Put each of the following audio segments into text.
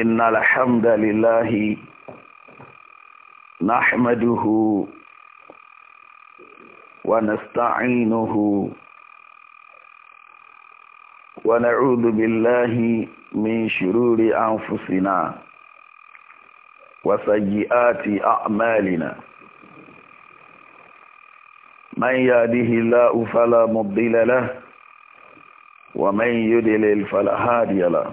إن الحمد لله نحمده ونستعينه ونعوذ بالله من شرور أنفسنا وسيئات أعمالنا من يهده الله فلا مضل له ومن يضلل فلا هادي له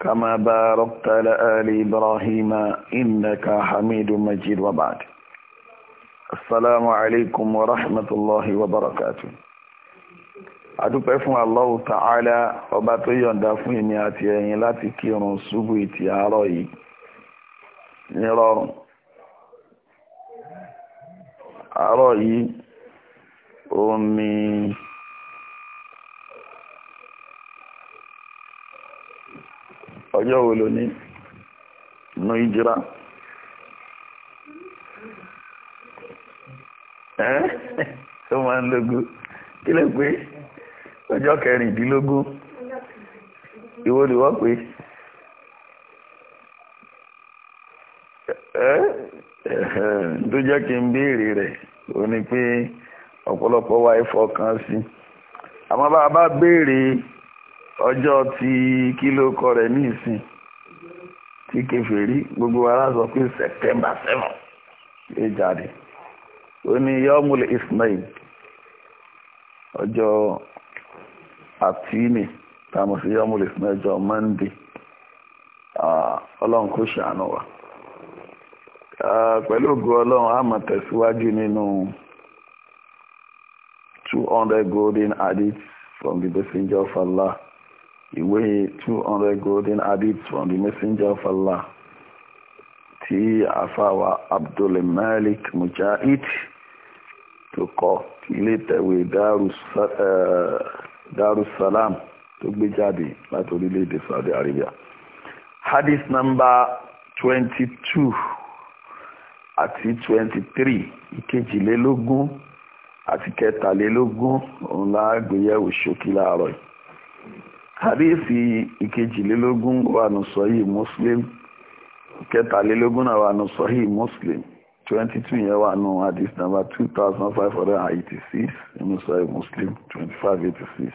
كما باركت على إبراهيم إنك حميد مجيد وبعد السلام عليكم ورحمة الله وبركاته adúpẹ́ fún Allahu Ta'ala ọba tó yọ̀ǹda fún èmi àti ẹ̀yin láti kírun ṣubú ìtì àárọ̀ yìí nírọ̀rùn àárọ̀ yìí òun ni. Ron. ọjọ́ wo ló ní inú ìjírá ẹ́ tó máa ń lógún kí lè pé ọjọ́ kẹrìndínlógún ìwọ ni wọ́n pé ẹ́ tó jẹ́ kí n béèrè rẹ̀ ó ní pé ọ̀pọ̀lọpọ̀ ẹ̀fọ́ kan sí àmọ́ bá a bá béèrè. ọjọ́ ti kí ló kọ rẹ̀ ní ìsìn tí kẹfẹ́rí gbogbo ara sọ pé september seven lè jáde ó ní yọmúlẹ ismail ọjọ́ àtìní tàmù sí yọmúlẹ ismail ọjọ́ monday ọlọ́run kò ṣàánú wa pẹ̀lú ògo ọlọ́run a máa tẹ̀síwájú nínú two hundred golden adits from the messenger of Allah ìwé 200 golden hadith from the messenger of Allah tí àfàwà abdulmalik mujahid tó kọ ilé tẹ̀wé darussalam eh, tó gbé jáde láti orílẹ̀-èdè saudi arabia hadith number 22 àti 23 ìkejìlélógún àti kẹtàlélógún òun láàgbéyẹ̀wò ṣókí láàárọ̀ yìí hadithi ìkejìlélógún wà nù sọ́yì muslim kẹtàlélógún náà wà nù sọ́yì muslim twenty two yẹn wà nù hadith number two thousand five hundred eighty six nínú muslim twenty five eighty six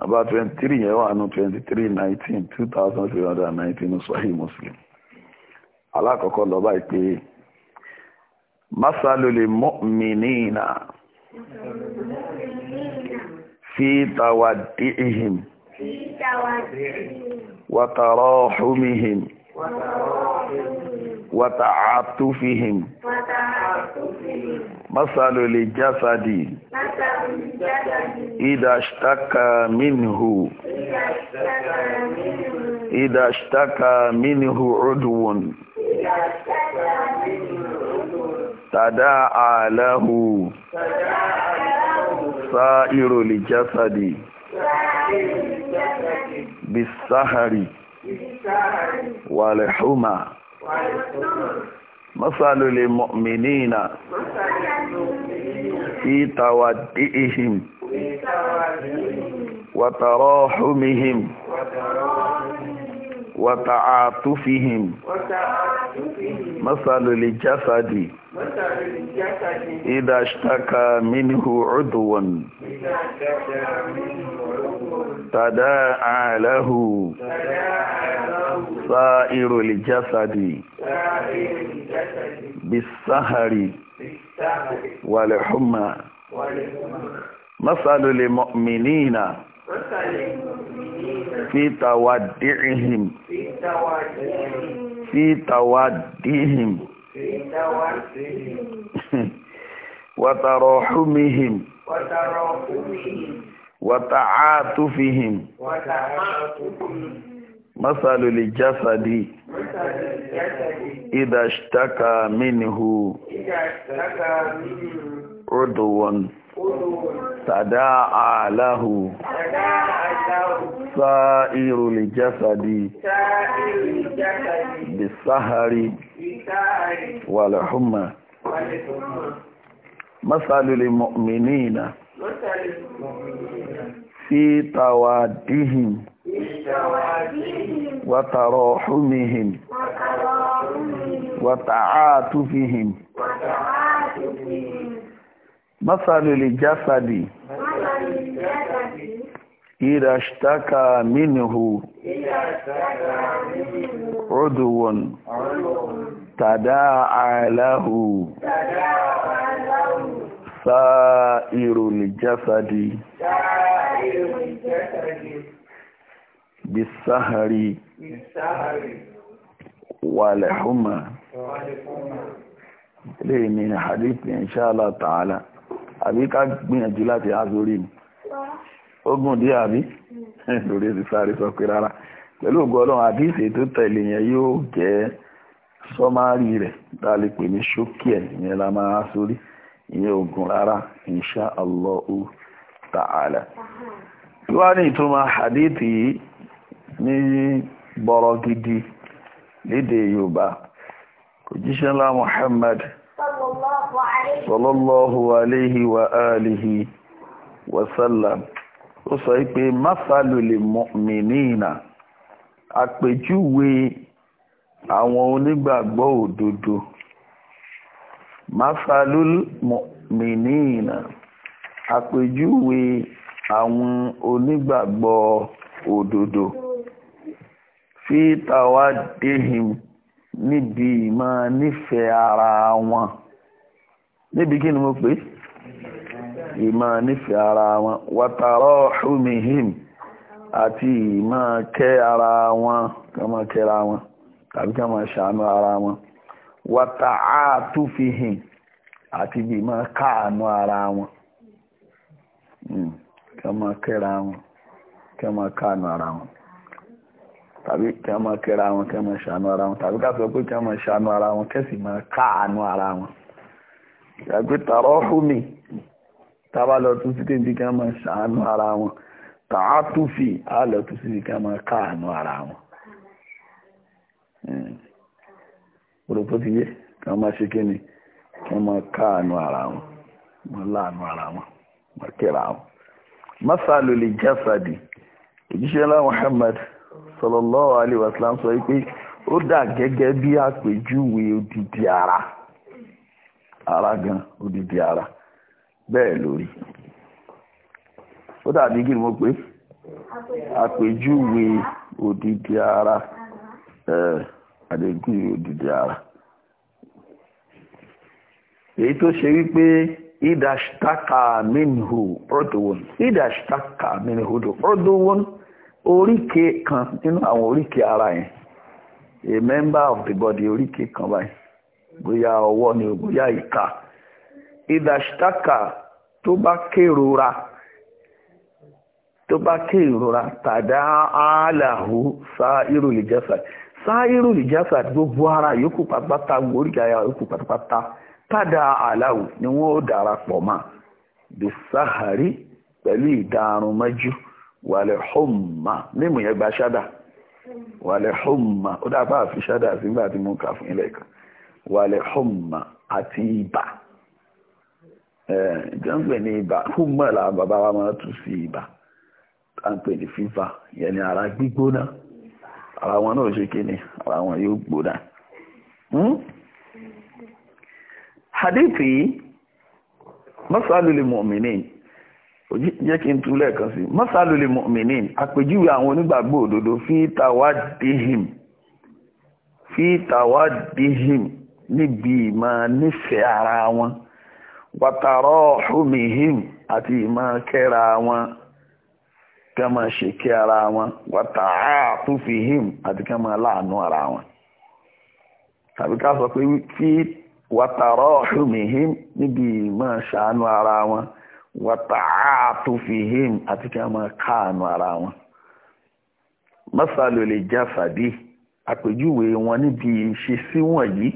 number twenty three yẹn wà nù twenty three nineteen two thousand three hundred nineteen nínú muslim alákọ̀ọ́kọ́ lọ́ba ìpè masalole mu'minina fi tawadihim. وتراحمهم وتعاطفهم مثل الجسد إذا اشتكى منه إذا اشتكى منه عدو تداعى له سائر الجسد بالسهر والحمى مثل للمؤمنين في تودئهم وتراحمهم وتعاطفهم مثل الجسد إذا اشتكى منه عضو تداعى له سائر الجسد بالسهر والحمى مثل المؤمنين fi tawaddi'ihim fi tawaddihim wa tarahumihim wa ta'atufihim masalu li jasadi idha ishtaka minhu udwan تداعى له سائر الجسد بالسهر والحمى مثل المؤمنين في توادهم وتراحمهم وتعاطفهم مثل الجسد إذا اشتكى منه عدو تداعى له سائر الجسد بالسهر والحمى ليه من حديث إن شاء الله تعالى àbí ká gbìyànjú láti há sórí mi ogun dí àbí lórí ti sáré sọ pé rárá pẹ̀lú ògùn ọlọ́run tẹ̀lé yẹn yóò jẹ́ sọ́márì rẹ̀ tá a lè pè ní ṣókí ẹ̀ ìyẹn la máa sórí ìyẹn ogun rárá ta'ala tí ní ìtumọ̀ ní gidi lédè yorùbá صلى الله عليه وآله وسلم ó sọ pé masalul mu'minina àpèjúwe àwọn onígbàgbọ́ òdodo masalul mu'minina àpèjúwe àwọn onígbàgbọ́ òdodo fi tawaddihim níbi ìmọ̀ nífẹ̀ẹ́ ara wọn. níbi kí ni mo pè ìmọ̀ nífẹ̀ẹ́ ara wọn wàtàrọ̀ humihim àti ìmọ̀ kẹ́ ara wọn kọ́mọ kẹ́ra wọn tàbí kọ́mọ ṣàánú ara wọn wàtà àtúfihìn àti bí ìmọ̀ káànú ara wọn kọ́mọ kẹ́ra wọn kọ́mọ káànú ara wọn tàbí kí a máa kẹ́ra wọn kí a máa ṣàánú ara wọn tàbí ká sọ pé kí ṣàánú ara wọn kẹ́sì máa káàánú ara wọn ṣàgbé tààrọ́ húmi tábà lọ tún sí tèmi kan máa ṣàánú ara wọn tààtúfì á lọ tún sí kan máa káàánú ara wọn. òròpó hmm. ti yé kan máa ṣe kí ni kan máa káàánú ara wọn wọn láàánú ara wọn wọn kíra wọn. masalu li jasadi òjíṣẹ́ ńlá Muhammad sallallahu alaihi wasallam sọ pé ó dà gẹ́gẹ́ bí àpèjúwe odidi ara. ara gan odidi ara bẹ́ẹ̀ lórí ó dàbí kí ni mo pé àpèjúwe odidi ara àdéjúwe odidi ara èyí tó ṣe wípé ìdàṣítàkà mínú ọdọwọn ìdàṣítàkà mínú ọdọwọn orike kan nínú àwọn orike ara yẹn a member of the body oríkèé kan báyìí bóyá ọwọ́ ni bóyá ìka ìdàṣítàkà tó bá kérora tó bá kérora tàdá àálàhù sáà irú lè jẹ́ sàdé sáírù ìjásà gbogbo ara yòókù pátápátá oríkì ara yòókù pátápátá tádà aláwù ni wọ́n ó darapọ̀ mọ́ bí sáhàrí pẹ̀lú ìdarun mọ́jú wàlẹ̀ hóòmà mímú yẹn gba ṣádà wàlẹ̀ hóòmà ó dábàá fi ṣádà sígbà tí mo kan wàlẹ̀ humma àti ibà ìjọ́npẹ̀ ní ibà humma là bàbá wa máa tún sí ibà táǹpẹ̀ ní fífà yẹn ni ara gbígbóná ara wọn náà ṣe kí ni ara wọn yóò gbóná hmm? hadithi masalul mu'minin jẹ́ kí n tú lẹ́ẹ̀kan sí masalul mu'minin àpèjúwe àwọn onígbàgbọ́ òdodo fi tawaddihim fi tawaddihim níbi ìmọ̀ nífẹ̀ẹ́ ara wọn wàtàrọ̀ humihim àti ìmọ̀ kẹ́ra wọn kí wọ́n máa ṣe kí ara wọn wàtàrà túfihim àti kí wọ́n máa láàánú ara wọn tàbí ká sọ pé tí wàtàrọ̀ humihim níbi ìmọ̀ ṣàánú ara wọn wàtàrà túfihim àti kí káàánú ara wọn masalolè jáfàdí àpèjúwe wọn níbi ìṣesí wọ̀nyí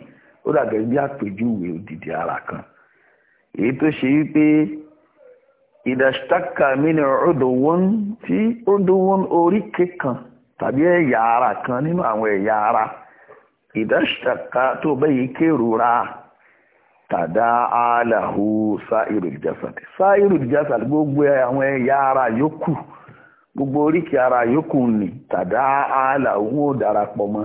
ó dàgẹ́ bí àpèjúwe òdìdí ara kan èyí tó ṣe wípé ìdàṣítàkà mínú ọdọ̀wọ́n tí ọdọ̀wọ́n oríkè kan tàbí ẹ̀yà ara kan nínú àwọn ẹ̀yà ara ìdàṣítàkà tó bẹ́yìí kérora tàdá aláhù sáírù ìjásàdì sáírù ìjásàdì gbogbo àwọn ẹ̀yà ara yòókù gbogbo oríkè ara yòókù ni tàdá aláhù ó darapọ̀ mọ́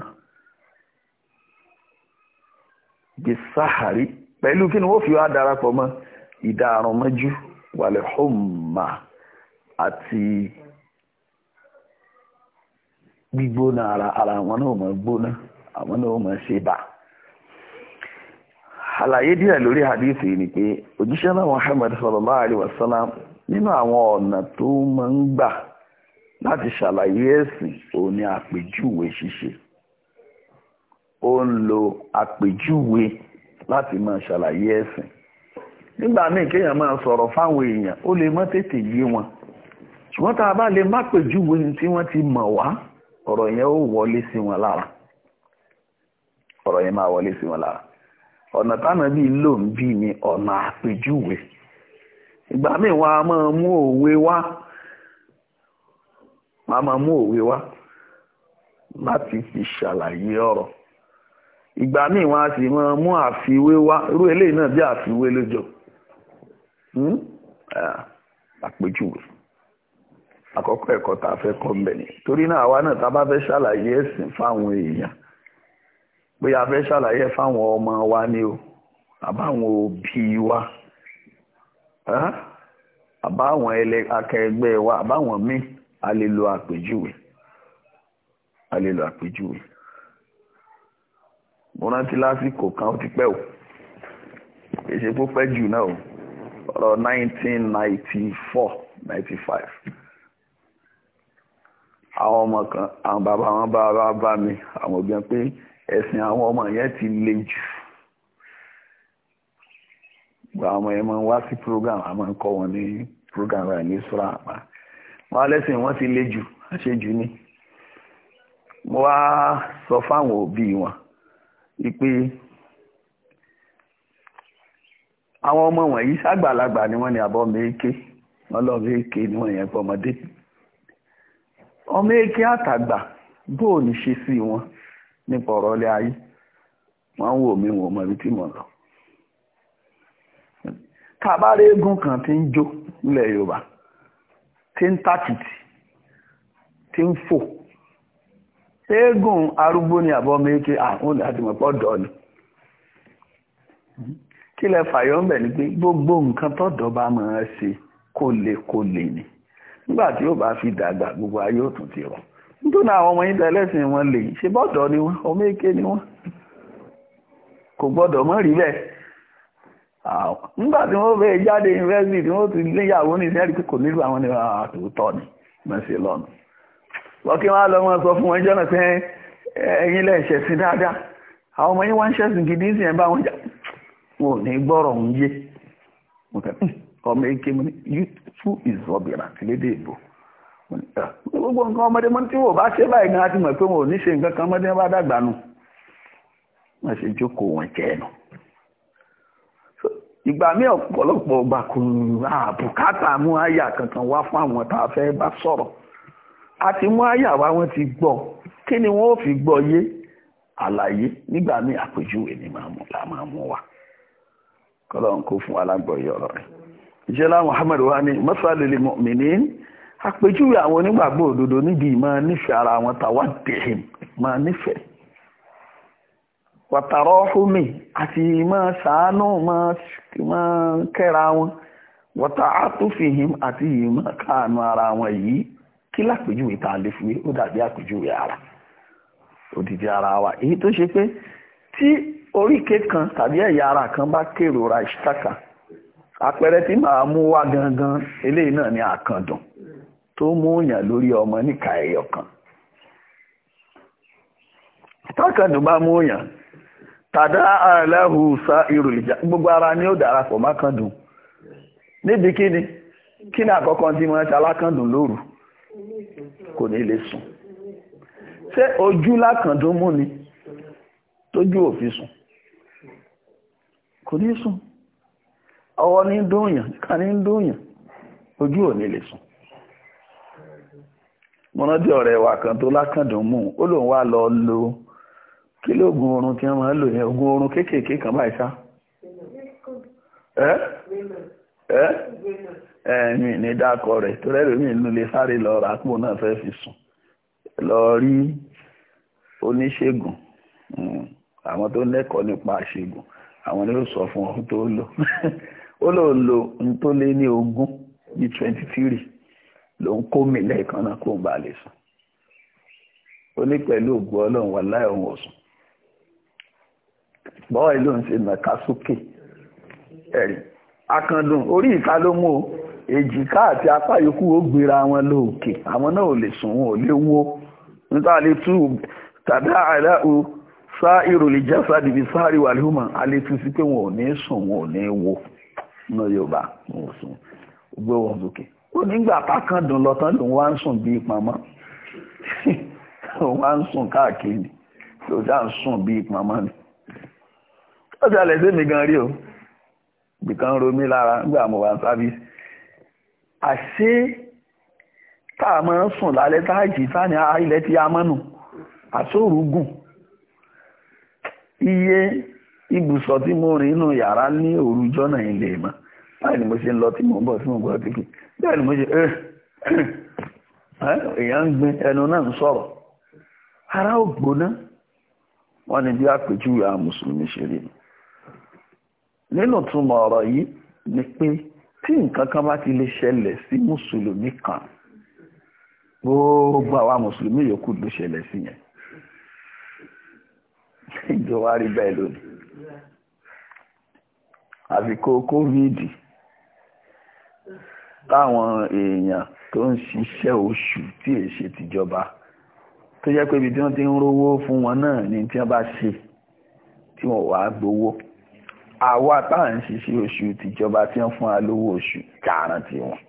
bí sáhàrí pẹ̀lú kí ni wọ́n fi wá darapọ̀ mọ́ ìdá àrùnmọ́jú wàlẹ̀ àti gbígbóná ara ara àwọn náà mọ̀ gbóná àwọn náà mọ̀ ṣe bá àlàyé díẹ̀ lórí hadithi ni pé òjíṣẹ́ náà Muhammad sallallahu nínú àwọn ọ̀nà tó ń gbà láti ṣàlàyé ẹ̀sìn àpèjúwe ó ń lo àpèjúwe láti máa ṣàlàyé ẹ̀sìn nígbà míì kéèyàn máa sọ̀rọ̀ fáwọn èèyàn ó lè mọ́ tètè yé wọn ṣùgbọ́n tá a bá lè má pèjúwe tí wọ́n ti mọ̀ wá ọ̀rọ̀ yẹn ó wọlé sí wọn lára ọ̀rọ̀ yẹn máa wọlé sí wọn lára ọ̀nà táwọn ẹbí lò ń bí ni ọ̀nà àpèjúwe ìgbà míì wọn a máa mú òwe wá wọn a máa mú òwe wá láti fi ṣàlàyé ọ̀rọ̀ ìgbà míì wọn a sì máa mú àfiwé wá irú eléyìí náà bí àfiwé lójọ hmm? àpèjúwe àkọ́kọ́ ẹ̀kọ́ tá a fẹ́ kọ́ ń bẹ̀ ni torí náà àwa náà tá a bá fẹ́ ṣàlàyé ẹ̀sìn fáwọn èèyàn pé a fẹ́ ṣàlàyé fáwọn ọmọ wa ni o àbáwọn òbí wa àbáwọn akẹgbẹ́ wa àbáwọn míì a lè lo àpèjúwe a lè lo àpèjúwe mo rántí lásìkò kan ó ti pẹ́ o èsè púpẹ́ jù náà o ọ̀rọ̀ 1994 95 àwọn ọmọ kan àwọn bàbá wọn bá bá bá mi àwọn òbí wọn pé ẹ̀sìn àwọn ọmọ yẹn ti le jù gba àwọn ẹmọ wá sí program a máa ń kọ́ wọn ní program rẹ̀ ní sọ́ra àpá wọ́n alẹ́sìn wọ́n ti le jù àṣejù ni mo wá sọ fáwọn òbí wọn ìpè àwọn ọmọ wọ̀nyí ṣàgbàlagbà ni wọ́n ní àbọ̀ méèké ọlọ́ọ̀bẹ eke ni wọ́n yẹn pọmọdé ọmọ eke àtàgbà bóò ní ṣe sí wọn nípa ọ̀rọ̀ ilé ayé wọ́n ń wò mí wọ́n mọ̀ ibi tí mo lọ tàbárẹ́ eégún kan ti ń jó nílẹ̀ yorùbá tí ń tàkìtì tí ń fò eégún arúgbó ni àbọ́mọ eke àwọn àdìmọ̀pọ̀ dọ̀ ni kí lẹ fàyọ́ ń bẹ̀ ni pé gbogbo nǹkan tọ́dọ̀ bá máa ṣe ni nígbà tí ó bá fi dàgbà gbogbo ayé ò tún ti rọ nítorí àwọn ọmọ yín wọn lè ṣe bọ́dọ̀ ni wọn ọmọ eke ni wọn kò mọ́ rí bẹ́ẹ̀ nígbà tí wọ́n fẹ́ jáde tí wọ́n ti léyàwó ní sẹ́ẹ̀rì pé àwọn ní àtòótọ́ ni lọ́nà wọ́n kí wọ́n lọ mọ́ sọ fún wọn jọ́nà Ẹyin ẹ̀yin lẹ́ ṣẹ̀sìn dáadáa àwọn ọmọ yín wá ń ṣẹ̀sìn gidi ẹ̀ bá wọn jà wọn ò ní yé hmm, ọmọ eke mi yútú ìzọbìrà ah. gbogbo nǹkan ọmọdé mọ́ tí bá ṣe báyìí gan àti mọ̀ pé wọn a ti mú àyàwá wọn ti gbọ́ kí ni wọ́n ó fi gbọ́ yé àlàyé nígbà míì àpèjúwe ni la máa mú wa kọ́lọ́n kó fún alágbọ̀yé ọ̀rọ̀ rẹ̀ ìṣẹ́lá Muhammad wa ni masalili mu'minin àpèjúwe àwọn onígbàgbọ́ òdodo níbi máa nífẹ̀ẹ́ ara wọn tàwa dèhìn máa nífẹ̀ẹ́ wàtàrọ́ fúnmi àti máa ṣàánú máa kẹ́ra wọn wàtà átúfìhìn àti ìmọ̀ káànú ara wọn yìí kí lápèjúwe ta a lè fi ó dàbí àpèjúwe ara òdìdí ara wa èyí tó ṣe pé tí oríkè kan tàbí ẹ̀yà ara kan bá kérora ìṣítàkà àpẹẹrẹ tí màá mú wá gangan eléyìí náà ní àkàndùn tó mú yàn lórí ọmọ níka ẹyọ kan tákàndùn bá mú yàn tàdá aláhù sa ìròlìjà gbogbo ara ni ó darapọ̀ mákàndùn níbi kíni kíni àkọ́kọ́ tí wọ́n ṣe alákàndùn lóru kò ní lè sùn ṣé ojú lákàndún mú ni tójú òfin sùn kò ní sùn ọwọ́ ní dóòyàn ká ní dóòyàn ojú ò ní lè sùn mọ́nàdí ọ̀rẹ́ wa kan tó lákàndùn mú ó lòun wá lọ lo kí lóògùn oorun tí wọ́n máa lò yẹn oògùn oorun kéékèèké kan báyìí sá ẹ̀mí ní dákọ rẹ̀ tó rẹ́rìí mi ló lè sáré lọ rà pò náà fẹ́ fi sùn lọ rí oníṣègùn hm, àwọn tó lẹ́kọ̀ọ́ nípa àṣègùn àwọn ni ó sọ fún ọ tó lò ó lò lò n tó lé ní ogún bíi twenty three ló ń kó mi lẹ́ẹ̀kan náà kó ń bá lè sùn ó ní pẹ̀lú ògùn ọlọ́run wà láì òun ọ̀sùn bọ́ọ̀ ló ń ṣe nàka sókè ẹ̀rí akandun orí ìta ló mú o èjìká àti apá yòókù ó gbéra wọn lóòkè àwọn náà ò lè sùn wọn ò lè wó níta lè tú tàbí àìláhù sá ìròlè jẹ́sà dìbì sáàrí wà lóhùnmọ̀ a lè tú sí pé wọn ò ní sùn wọn ò ní wo ní yorùbá wọn ò sùn gbé wọn sókè ó nígbà pákàn dùn lòun wá ń sùn bíi pamọ́ òun wá ń sùn káàkiri lòun já ń sùn bíi pamọ́ ni ó jalè sí mi gan rí o bìkan ro mí lára nígbà mo wà sábìsì àṣé tá a máa ń sùn lálẹ́ tá a jì tá ní ah, ilẹ̀ ti amọ́nù àṣòrùgùn iye ibùsọ̀ tí mo rìn inú yàrá ní òru jọ́nà mọ́ báyìí ni mo ṣe ń lọ tí mo ń bọ̀ tí mo gbọ́ bẹ́ẹ̀ ni mo ṣe eh, eh, eh, èèyàn ń gbin ẹnu náà ń ara gbóná wọ́n bí àpèjúwe àwọn mùsùlùmí ṣe rí nínú túmọ̀ ọ̀rọ̀ tí nǹkan kan bá ti lè ṣẹlẹ̀ sí mùsùlùmí kan gbogbo àwa mùsùlùmí yòókù ló ṣẹlẹ̀ sí yẹn ìjọba rí bẹ́ẹ̀ lónìí àsìkò covid táwọn èèyàn tó ń ṣiṣẹ́ oṣù tí è ṣe tìjọba tó jẹ́ pé ibi tí wọ́n ti ń rówó fún wọn náà ni tí wọ́n bá ṣe tí wọ́n wàá gbowó àwa tá à ń ṣiṣẹ́ oṣù tìjọba tí wọ́n fún wa lówó oṣù kààrán tí wọ́n.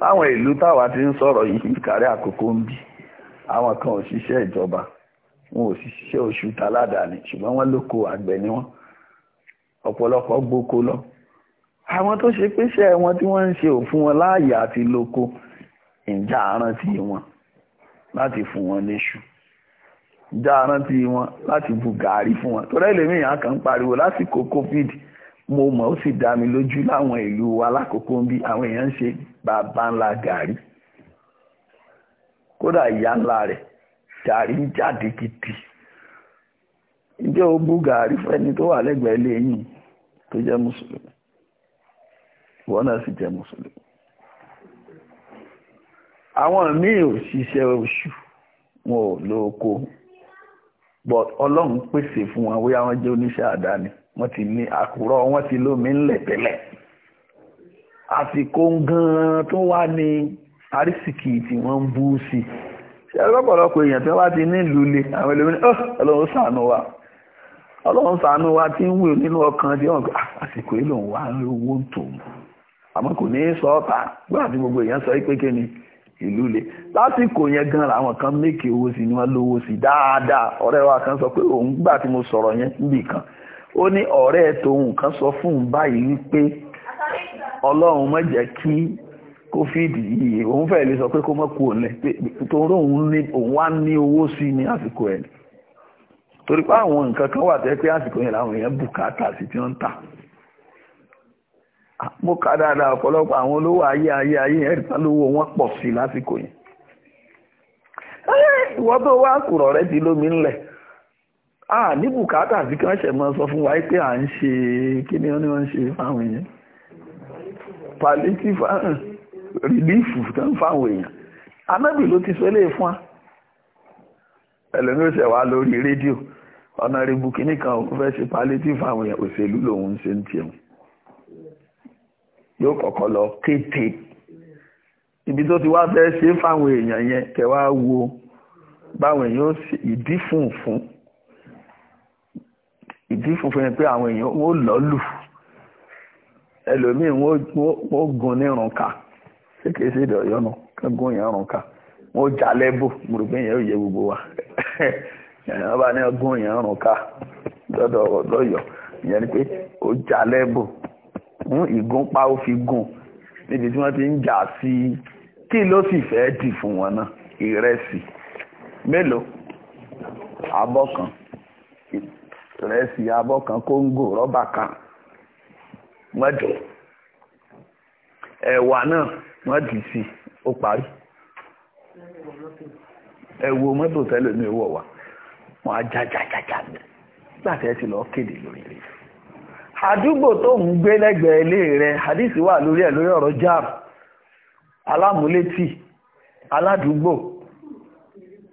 láwọn ìlú táwa ti ń sọ̀rọ̀ yìí kárí àkókò ń bì àwọn kan ò ìjọba wọn ò ṣiṣẹ́ oṣù taládàáni ṣùgbọ́n wọ́n lóko àgbẹ̀ ni wọ́n ọ̀pọ̀lọpọ̀ gboko lọ àwọn tó ṣe péṣẹ́ wọn tí wọ́n ń ṣe òfin wọn láàyè àti lóko ìjà àrántí wọn láti fún wọn léṣù já rántí wọn láti bu gàárì fún wọn torí ẹlẹ́mìí yàn kàn ń pariwo lásìkò covid mo mọ̀ ó sì dá mi lójú láwọn ìlú wa lákòókò ń bí àwọn èèyàn ń ṣe bàbá ńlá gàárì kódà ìyá ńlá rẹ̀ gàárì ń jáde gidi ǹjẹ́ o bú gàárì fẹ́ni tó wà lẹ́gbẹ̀ẹ́ lẹ́yìn tó jẹ́ mùsùlùmí wọ́n náà sì jẹ́ mùsùlùmí àwọn míì ò ṣiṣẹ́ oṣù wọn ò lóko but ọlọ́run pèsè fún wọn bóyá wọ́n jẹ́ oníṣẹ́ àdáni wọ́n ti ní àkùrọ̀ wọ́n ti lómi ńlẹ̀ tẹ́lẹ̀ àsìkò gan-an tó wá ní àrísìkì tí wọ́n ń bú sí ṣe ọlọ́pọ̀lọpọ̀ èèyàn tí wọ́n bá ti nílùú le àwọn ọlọ́run wa ọlọ́run wa tí ń wù nínú ọkàn tí wọ́n gbé ah, àsìkò yìí lòun wá owó ìlú le lásìkò yẹn gan làwọn kan mékè owó sí ni wọ́n lówó sí dáadáa ọ̀rẹ́ wa kan sọ pé òun gbà tí mo sọ̀rọ̀ yẹn níbì kan ó ní ọ̀rẹ́ kan sọ fún un báyìí wípé ọlọ́run jẹ́ kí covid yìí òun fẹ́ lè sọ pé kó má kú òun lẹ̀ torí òun wá ní owó sí ní àsìkò ẹ̀ torí kan wà tẹ́ pé àsìkò yẹn làwọn èèyàn bùkátà sí tí wọ́n mo kà dáadáa ọ̀pọ̀lọpọ̀ àwọn olówó ayé ayé ayé ẹ̀rí tán lówó wọn pọ̀ sí lásìkò yẹn ìwọ́n tó wá kùrọ̀ rẹ ti lómi ńlẹ̀ a ní bùkátà sí kí wọ́n ṣẹ̀ mọ́ sọ fún wa pé à ń ṣe kí ni wọ́n ní wọ́n ń ṣe fáwọn èèyàn palliative relief tó ń fáwọn èèyàn anábì ló ti sọlé fún wa ẹlẹ́ni ṣẹ̀ wá lórí rédíò ọ̀nà rìbùkínì kan òun fẹ́ ṣe palliative fáwọn èèyàn òṣèlú lòun ṣe ń tiẹ̀ wọn yóò kọ́kọ́ lọ kété ibi tó ti wá fẹ́ ṣe fáwọn èèyàn yẹn kẹwàá wo báwọn èèyàn ìdí funfun ìdí funfun yẹn pé àwọn èèyàn ó lọ́lù ẹlòmíì wọ́n gun ní ìrùnkà ṣé kìí ṣe èdè ọ̀yọ́ náà kí wọ́n gun yẹn ìrùnkà wọ́n já lẹ́bù mo rò pé yẹn ò yẹ gbogbo wa ẹ̀yàn bá ní ọgún yẹn ìrùnkà lọ́dọ̀ ọ̀dọ́ ọ̀yọ́ ìyẹn ni pé ó já lẹ́bù ìgúnpá ó fi gùn níbi tí wọ́n ti ń jà sí i kí ló sì fẹ́ dì fún wọn náà ìrẹsì mélòó abọ́ kan ìrẹsì abọ́ kan kóńgò rọ́bà kan mọ́jọ ẹ̀wà náà wọ́n dì sí ó parí ẹ̀wò mọ́tò tẹ́lẹ̀ mi wọ̀ wá wọ́n á jájájájá gbàtẹ́ ti lọ kéde lórí rẹ̀. àdúgbò tó ń gbé lẹ́gbẹ̀ẹ́ ilé rẹ̀ hadith wà lórí ẹ̀ lórí ọ̀rọ̀ jab alámúlétì aládùúgbò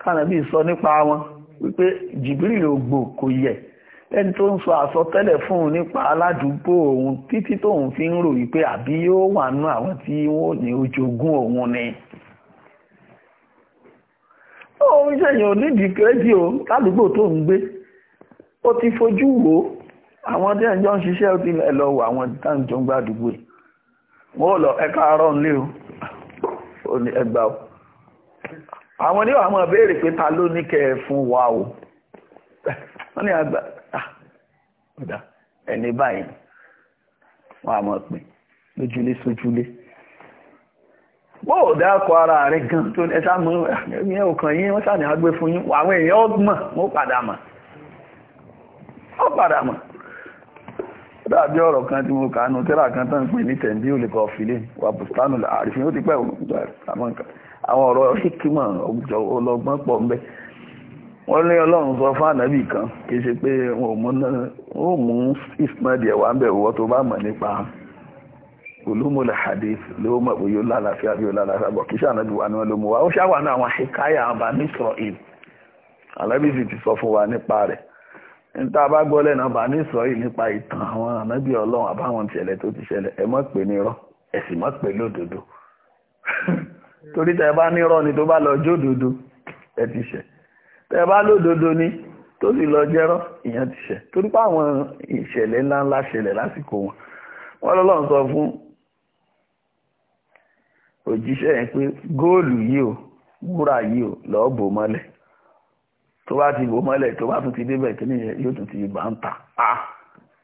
kánàbí sọ nípa wọn wípé jìbìrìlì ògbò kò yẹ ẹni tó ń sọ àsọtẹ́lẹ̀ fún un nípa aládùúgbò òun títí tóun fi ń rò wípé àbí yóò wà nú àwọn tí wọn ò ni òun onídìí o ládùúgbò tó ń gbé ó ti fojú àwọn tí ń ṣiṣẹ́ ó ti lọ wọ àwọn táǹjọ́ ń gbàdúgbò ẹ̀ wọ́n lọ ẹ̀ka àárọ̀ ńlé o ẹgbà o àwọn oníwà máa béèrè pé ta ló ní fún wa o wọ́n ní àgbà ah, ẹni báyìí wọ́n á máa pè lójúlé sójúlé ara gan tó ní ah, yín sàní fún yín dàbí ọ̀rọ̀ kan tí mo kà nù tẹ́lá kan tán ń pè ní tẹ̀m̀bí olùkọ́ filẹ̀ wà bùsùtánù àrífín ó ti pẹ́ àwọn ọ̀rọ̀ hikima ọlọ́gbọ́n pọ̀ ń bẹ wọ́n ní ọlọ́run sọ fún ànábì kan kì í ṣe pé wọn ò mú ismail ẹ̀wà ń bẹ̀ wọ́ tó bá mọ̀ nípa olómọlẹ̀ hadith ló mọ̀ pé yóò lálàáfíà bí yóò lálàáfíà bọ̀ kì í ṣe ànábì wa ni wọ́n ló mú wa ó ṣàwà ní àwọn àṣekáyà àwọn ìlú ànábì ti sọ fún wa nípa rẹ̀ níta bá gbọ́ lẹ́nu ọba ní ìsọ̀rí nípa ìtàn àwọn ànábì ọlọ́run àbáwọn ìṣẹ̀lẹ̀ tó ti ṣẹlẹ̀ ẹ mọ̀ pé nírọ́ ẹ sì mọ̀ pé lódodo torí tẹ bá nírọ́ ni tó bá lọ jódodo ẹ ti ṣẹ̀ tẹ bá lódodo ni tó sì lọ jẹ́rọ́ ìyẹn ti ṣẹ̀ torí pé àwọn ìṣẹ̀lẹ̀ ńláńlá ṣẹlẹ̀ lásìkò wọn wọn lọ́lọ́run sọ fún òjíṣẹ́ yẹn pé góòlù yìí o wúrà yìí o lọ́ọ́ bò mọ́lẹ̀ tó bá ti bò mọ́lẹ̀ tó bá tún ti débẹ̀ kí nìyẹn yóò tún ti bá ń ta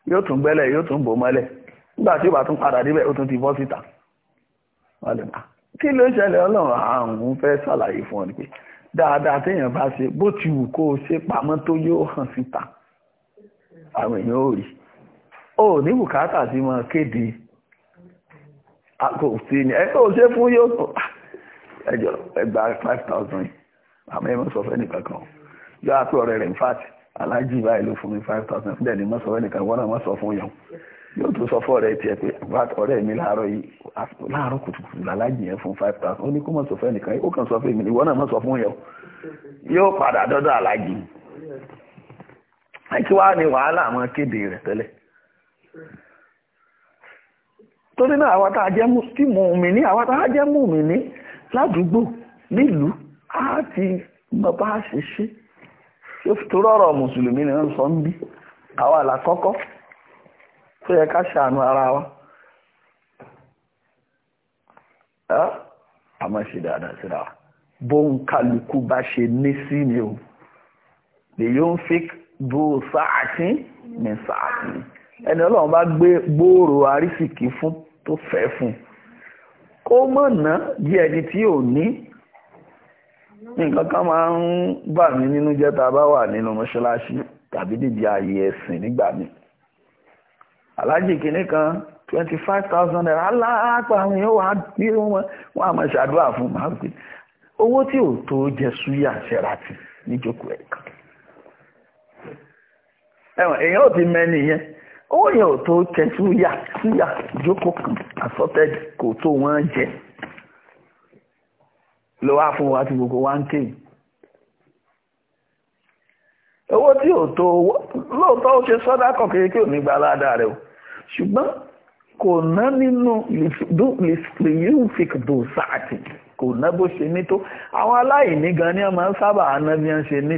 yóò tún gbẹ́lẹ̀ yóò tún bò mọ́lẹ̀ nígbà tí ó bá tún padà débẹ̀ ó tún ti bọ́ síta kí ló ṣẹlẹ̀ ọlọ́run àrùn fẹ́ ṣàlàyé fún ọ ni pé dáadáa téèyàn bá ṣe bó ti wù kó o ṣe pamọ́ tó yóò hàn síta àwọn èèyàn ò rí o ní bùkátà sí mọ kéde kò sí ni ẹ kò ṣe fún yóò ẹjọ ẹgbàá five thousand àmọ́ ẹ mọ sọ fẹ́ nìkan kan yọ àpò ọ̀rẹ́ rẹ̀ in fact aláàjì báyìí ló fún mi five thousand fún dẹ́ni mọ́ sọ fẹ́ nìkan wọ́n náà mọ́ sọ fún yàn yóò tún sọ fún ọ̀rẹ́ tiẹ̀ pé ọ̀rẹ́ mi láàárọ̀ yìí láàárọ̀ kùtùkùtù aláàjì yẹn fún five thousand ó ní kó mọ̀ sọ fẹ́ nìkan ó kàn sọ fún èmi ìwọ náà mọ́ sọ fún yàn yóò padà dọ́dọ̀ aláàjì kí wàá ní wàhálà àwọn kéde rẹ̀ tẹ́lẹ̀ torí náà àwọn tàà jẹ́ mùmí ní àwọn tàà jẹ́ mùmí ní ti mọ̀ bá torí ọ̀rọ̀ mùsùlùmí ni wọ́n sọ ń bí àwa làkọ́kọ́ tó yẹ ká ṣàánú ara wa a máa ṣe dáadáa síra wa bóun kálukú bá ṣe ní sí ni o lè yóò ń fi bó sáàtì ní sáàtì ẹni ọlọ́run bá gbé gbòòrò arísìkí fún tó fẹ́ fún kó mọ̀ ná bí ẹni tí ò ní nǹkan kan máa ń bà mí nínú jẹ́ tá a bá wà nínú mọ́ṣáláṣí tàbí dìde ààyè ẹ̀sìn nígbà mi alájì kìíní kan twenty five thousand naira aláàpá àwọn èèyàn wàá gbé wọn wọn àmọ́ ṣàdúrà fún màá gbé owó tí ò tó jẹ súyà ṣẹratì níjókòó ẹ̀ kan ẹ̀wọ̀n èèyàn ò ti mẹ́ni yẹn owó yẹn ò tó jẹ súyà súyà jókòó kan assorted kò tó wọ́n jẹ ló wá fún wa ti gbogbo 1k owó tí ò tó owó lóòótọ́ ó ṣe sọ́dá kan kéré kí ò ní gba ládàá rẹ̀ o ṣùgbọ́n kò ná nínú lìfìkdò sáàtì kò ná bó ṣe ní àwọn aláìní gan ni wọ́n sábà ná bí wọ́n ṣe ní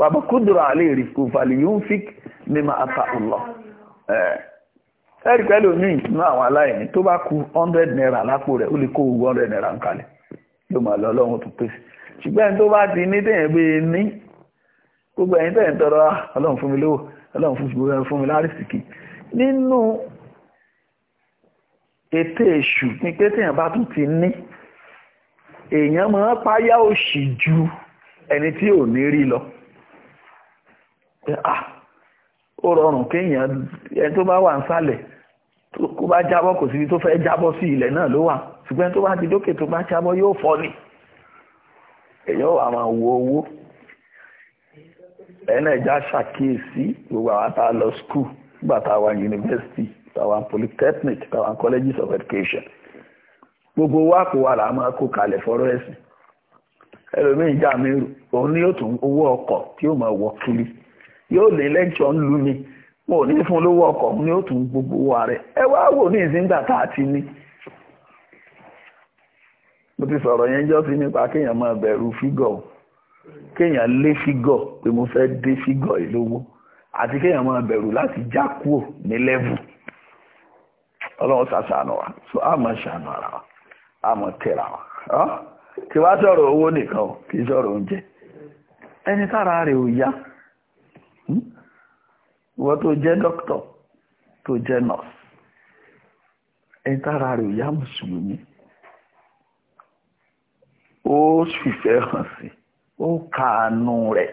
wàbùkúdùrà àlè rí kò fàlì yóò ní máa ta ọlọ ẹ̀rí pẹ̀lú ní ìtúná àwọn aláìní tó bá ku hundred naira lápò rẹ̀ ó lè kó owó hundred naira ń kalẹ̀ yóò máa lọ ọlọ́run tó pèsè ṣùgbọ́n ẹni tó bá ti ní tẹ̀yìn pé e ní gbogbo ẹ̀yin tẹ̀yìn tọrọ ah, ọlọ́run fún mi lówó ọlọ́run fún mi fún mi lárísìkì nínú ètè èṣù ni pé tẹ̀yìn bá tún ti ní èèyàn máa páyà òṣì ju ẹni tí ò ní rí lọ. ah ó rọrùn kéèyàn ẹni tó bá wà ń sálẹ̀ kó bá jábọ́ kò síbi tó fẹ́ jábọ́ sí ilẹ̀ náà ló wà ṣùgbọ́n ẹni tó bá ti dókè tó bá jábọ́ yóò fọ́ ni èèyàn wà máa wo owó ẹni ẹja ṣàkíyèsí gbogbo àwọn tá a lọ skul nígbà tá a wà yunifásitì tá a wà polytechnic tá a wà colleges of education gbogbo owó àpò wa là máa kó kalẹ̀ fọ́rọ́ ẹ̀sìn ẹlòmíín jà mí òun ni yóò tún owó ọkọ̀ tí yóò máa wọ kiri yóò lé lẹ́kṣọ̀ ń mi mo ò ní fún lówó ọkọ̀ ni ó tún gbogbo wa rẹ̀ ẹ wá wò ní ìsíngbà tá mo ti sọ̀rọ̀ yẹn jọ́ sí nípa kéèyàn máa bẹ̀rù fígọ̀ kéèyàn lé fígọ̀ pé mo fẹ́ dé fígọ̀ yìí lówó àti kéèyàn máa bẹ̀rù láti já kúò ní lẹ́vù wa so a máa ṣàánú wa a máa tẹ̀ra wa kí sọ̀rọ̀ owó nìkan kì í sọ̀rọ̀ oúnjẹ ẹni tára rẹ̀ ò Hmm? ìwọ tó jẹ́ dókítà tó jẹ́ nọ́ọ̀sì ẹni tára rẹ̀ ò yá mùsùlùmí ó fìfẹ́ hàn sí ó kàánú rẹ̀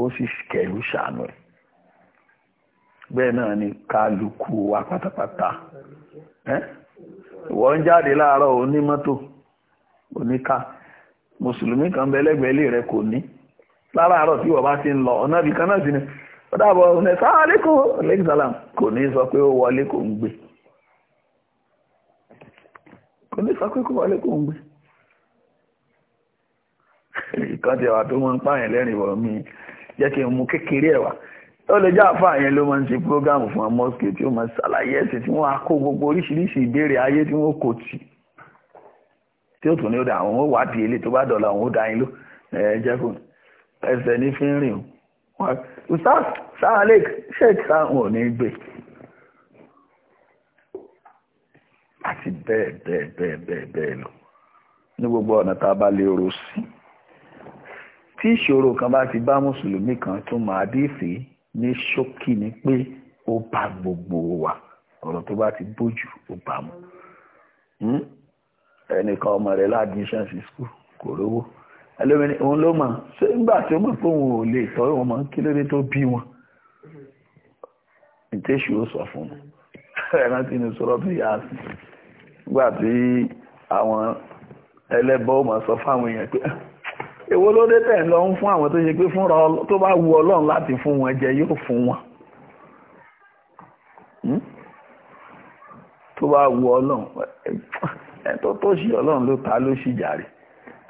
ó sì kẹ̀lú ṣàánú rẹ̀ bẹ́ẹ̀ náà ni kálukú wa pátápátá ìwọ ń jáde láàárọ̀ onímọ́tò oníká mùsùlùmí kan bẹ́lẹ́gbẹ́lé rẹ̀ kò ní. Eh? láràárọ̀ tí wọ́n bá ti ń lọ ọ̀nà ibì kan náà sí ni ó dàbọ̀ ọ̀nà sáàlékò aleyhi salam kò ní sọ pé ó wọlé kò ń gbé kò ní sọ pé kò wọlé kò ń gbé ìkan ti ẹ̀wà tó mọ́ ń pààyàn lẹ́rìn ìwọ̀ mi jẹ́ kí n mú kékeré ẹ̀wà ó lè jẹ́ àfáà yẹn ló máa ń ṣe prógámù fún mosque tí ó máa ṣàlàyé ẹ̀sìn tí wọ́n á kó gbogbo oríṣiríṣi ìbéèrè ayé tí wọ́n kò tì tí ó tún ní ó dà àwọn ó wádìí ilé tó bá dọ̀la àwọn ó dá yín ló ẹ̀ jẹ́ kò ní ẹsẹ̀ ní fi ń rìn ustaz sahalek sheikh sáwọn ò ní gbé àti bẹ́ẹ̀ bẹ́ẹ̀ bẹ́ẹ̀ bẹ́ẹ̀ bẹ́ẹ̀ lọ ní gbogbo ọ̀nà tá a bá lè rò sí tí ìṣòro kan bá ti bá mùsùlùmí kan tún máa dìísì ní ṣókí ni pé ó bá gbogbo wa ọ̀rọ̀ tó bá ti bójú ó bá mu hmm? ẹnìkan ọmọ rẹ̀ ládìíṣàn sí skul kò rówó ẹlòmíní òun ló mọ̀ ṣé nígbà tí ó mọ̀ pé òun ò lè tọ́ ìwọ̀n mọ̀ kí ló dé tó bí wọn ìtẹ́sù ó sọ fún un ẹran tí ní sọ̀rọ̀ bí yà á sí nígbà tí àwọn ẹlẹ́bọ ó mọ̀ sọ fáwọn èèyàn pé èwo ló dé tẹ̀ lọ fún àwọn tó ṣe pé fúnra tó bá wu ọlọ́run láti fún wọn jẹ yóò fún wọn hmm? tó bá wu ọlọ́run ẹ tó tó ṣì ọlọ́run ló ta ló ṣì jàre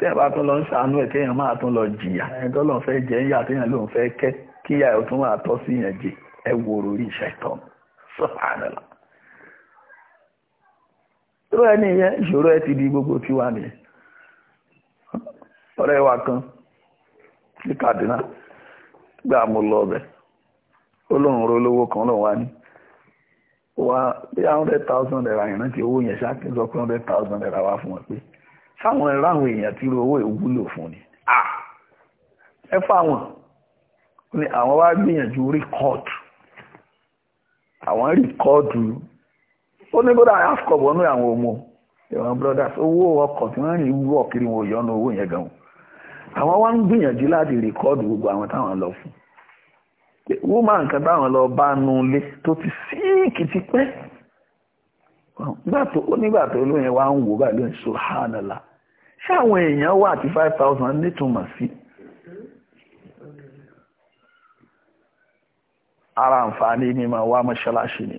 téèyàn bá tún lọ ń ṣàánú ẹ̀ téèyàn máa tún lọ jìyà ẹni tó lọ́n fẹ́ jẹ́ ń yà téèyàn lóun fẹ́ kẹ́ kíyà ẹ̀ tún máa tọ́ sí yẹn jì ẹ wo orí ṣẹ̀tàn subhanallah. irú ẹni yẹn ìṣòro ẹ ti di gbogbo tiwa nìyẹn ọ̀rẹ́ wa kan ní Kaduna gbà mo lọ ọbẹ̀ ó lóun ro olówó kan lóun wá ní wá bí one hundred thousand naira ìrántí owó yẹn ṣáà kí n sọ pé one hundred thousand naira wá fún wọn pé. sáwọn àwọn èèyàn tí owó ìwúlò fún ni ẹ fáwọn ni àwọn wá gbìyànjú rìkọ́ọ̀tù àwọn rìkọ́ọ̀tù ó ní bọ́dà afcon wọnú àwọn ọmọ ìwọ̀n brothers owó ọkọ̀ tí wọ́n rìn wọ́ kiri wọn yọ ọ́nà owó yẹn gan àwọn wá ń gbìyànjú láti rìkọ́ọ̀dù gbogbo àwọn táwọn lọ fún woman kan táwọn lọ bá nu ilé tó ti síìkì ti pẹ́ nígbà tó lóyún wa ń wò báyìí lóyún subhanallah ṣé àwọn èèyàn wà tí five thousand nítumọ̀ sí ara àǹfààní ni mà wá mọ́ṣáláṣí ni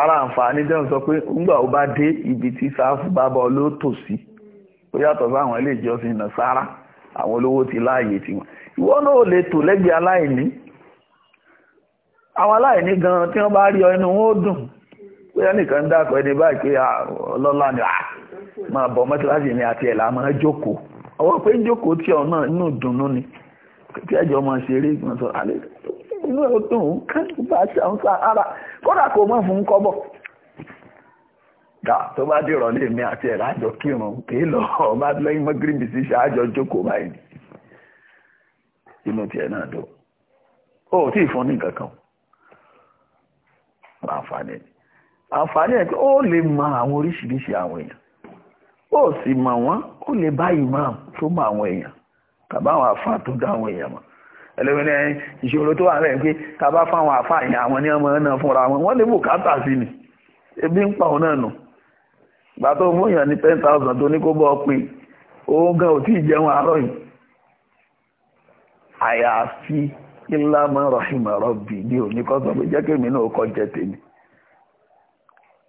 ara àǹfààní jẹ́ sọ pé ńgbà ó bá dé ibi tí sáfù bábọ̀ ló tò sí ó yàtọ̀ sáwọn ilé ìjọsìn náà sára àwọn olówó ti láàyè tiwọn ìwọ náà lè tò lẹ́gbẹ̀ẹ́ aláìní àwọn aláìní gan tí wọ́n bá rí ọ inú wọn ó dùn pé ẹnìkan dákọ̀ ẹni báyìí pé ọlọ́lá ni àá máa bọ̀ mọ́tíláṣí mi àti ẹ̀là máa jókòó ọwọ́ pé ń jókòó tí ọ náà inú dùnnú ni tí ẹjọ́ máa ṣe eré ìgbọ̀n sọ alẹ́ inú ẹ̀ dùn ún kájú bá ṣe àwọn sa ara kódà kò mọ̀ fún kọ́bọ̀ dà tó bá dìrọ̀ lé mi àti ẹ̀là àjọ kírun kì í lọ ọba lẹ́yìn mọ́ gírímì sí ṣe àjọ jókòó báyìí inú tiẹ̀ náà dùn ó tí ì fún ní nǹkan kan àǹfààní àǹfààní ẹ̀ pé ó lè mọ àwọn oríṣiríṣi àwọn èèyàn ó sì mọ̀ wọ́n ó lè bá imam tó mọ àwọn èèyàn tàbá àwọn àfa tó dá àwọn èèyàn mọ̀ ẹlẹ́wọ̀n ní ìṣòro tó wà rẹ̀ pé tàbá fáwọn àfa yẹn àwọn ní ọmọ náà fúnra wọn wọ́n lè bùkátà sí ni ebi ń pa òun náà nù gbà tó fún yàn ní ten thousand tó ní kó bọ́ pin òun gan ò tí ì jẹun àárọ̀ yìí àyàfi ìlànà rahim rọ́bì ní òní kọ́ sọ pé jẹ́ kémi náà kọ́ jẹ tèmi